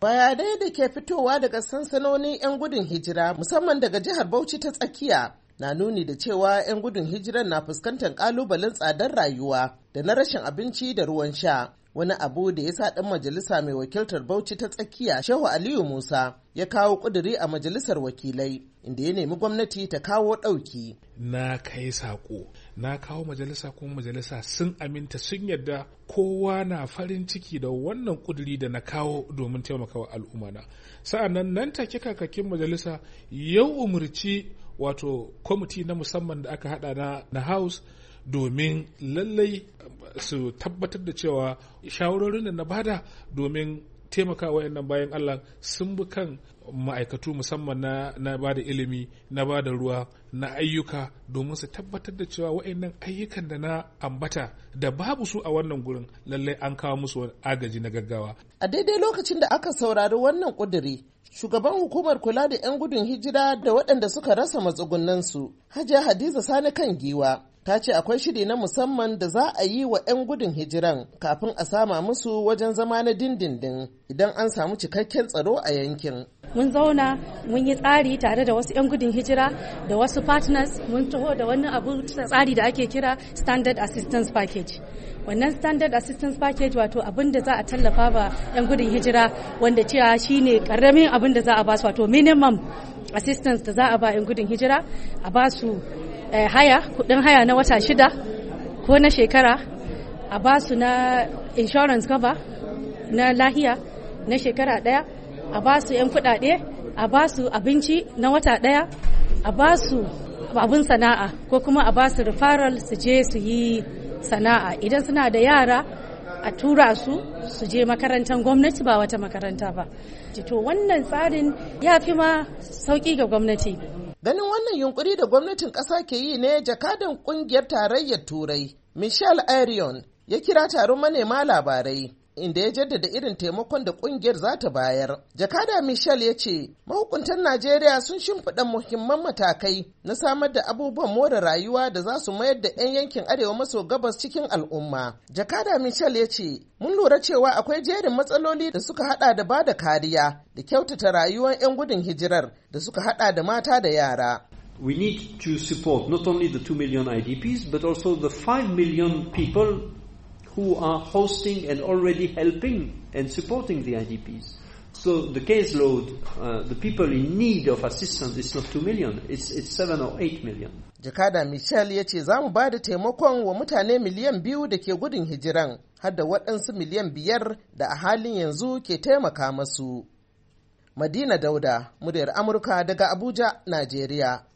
Bayanai da ke fitowa daga sansanonin 'yan gudun hijira musamman daga jihar Bauchi ta tsakiya na nuni da cewa 'yan gudun hijiran na fuskantar ƙalubalen tsadar rayuwa da na rashin abinci da ruwan sha. Wani abu da ya sa ɗan majalisa mai wakiltar Bauchi ta tsakiya Shehu Aliyu Musa ya kawo ƙuduri a majalisar wakilai inda ya nemi gwamnati ta kawo ɗauki. Na kai saƙo na kawo majalisa kuma majalisa sun aminta sun yadda kowa na farin ciki da wannan kuduri da na kawo domin taimakawa al'umana sa'an nan nan take kakakin majalisa yau umarci wato kwamiti na musamman da aka hada na, na house domin lallai su tabbatar da cewa shawarorin da na bada domin taimaka wayannan bayan Allah sun bi kan ma'aikatu musamman na, na ba da ilimi na ba da ruwa na ayyuka domin su tabbatar da cewa wayannan ayyukan da na ambata da babu su a wannan gurin lallai an kawo musu agaji na gaggawa a daidai lokacin da aka saurari wannan kuduri shugaban hukumar kula da 'yan gudun hijira da waɗanda suka rasa matsugunansu hajiya hadiza sani kan giwa ta ce akwai shiri na musamman da za a yi wa 'yan gudun hijiran kafin a sama musu wajen zama na dindindin idan an samu cikakken tsaro a yankin. Mun zauna mun yi tsari tare da wasu 'yan gudun hijira da wasu partners mun taho da wani abu tsari da ake kira standard assistance package. Wannan standard assistance package wato abin da za a tallafa ba 'yan gudun hijira wanda cewa shine karamin abin da za a ba su wato minimum assistance da za a ba 'yan gudun hijira a ba su. Eh, haya kudin haya na wata shida ko na shekara a ba su na insurance cover na lahiya na shekara daya a ba su 'yan kudade a ba su abinci na wata daya a ba su abin sana'a ko kuma a ba su referral su je su yi sana'a idan suna da yara a tura su su je makarantar gwamnati ba wata makaranta ba to wannan tsarin ya fi ma sauki ga gwamnati Ganin wannan yunkuri da gwamnatin ƙasa ke yi ne jakadan ƙungiyar tarayyar Turai, Michel Arion, ya kira taron manema labarai inda ya jaddada irin taimakon da kungiyar za ta bayar. Jakada Michel ya ce, mahukuntan Najeriya sun shimfiɗa muhimman matakai na samar da abubuwan more rayuwa da za su mayar da 'yan yankin arewa maso gabas cikin al'umma. Jakada Michel ya ce, mun lura cewa akwai jerin matsaloli da suka haɗa da bada kariya da kyautata rayuwar 'yan gudun hijirar da suka haɗa da mata da yara. we need to support not only the 2 million IDPs, but also the 5 million people who are hosting and already helping and supporting the IDPs. So the caseload, uh, the people in need of assistance is not 2 million, it's, it's 7 or 8 million. Jakada Michel ya ce za mu ba da taimakon wa mutane miliyan biyu da ke gudun hijiran, har da waɗansu miliyan biyar da a halin yanzu ke taimaka masu. Madina Dauda, muryar Amurka daga Abuja, Najeriya.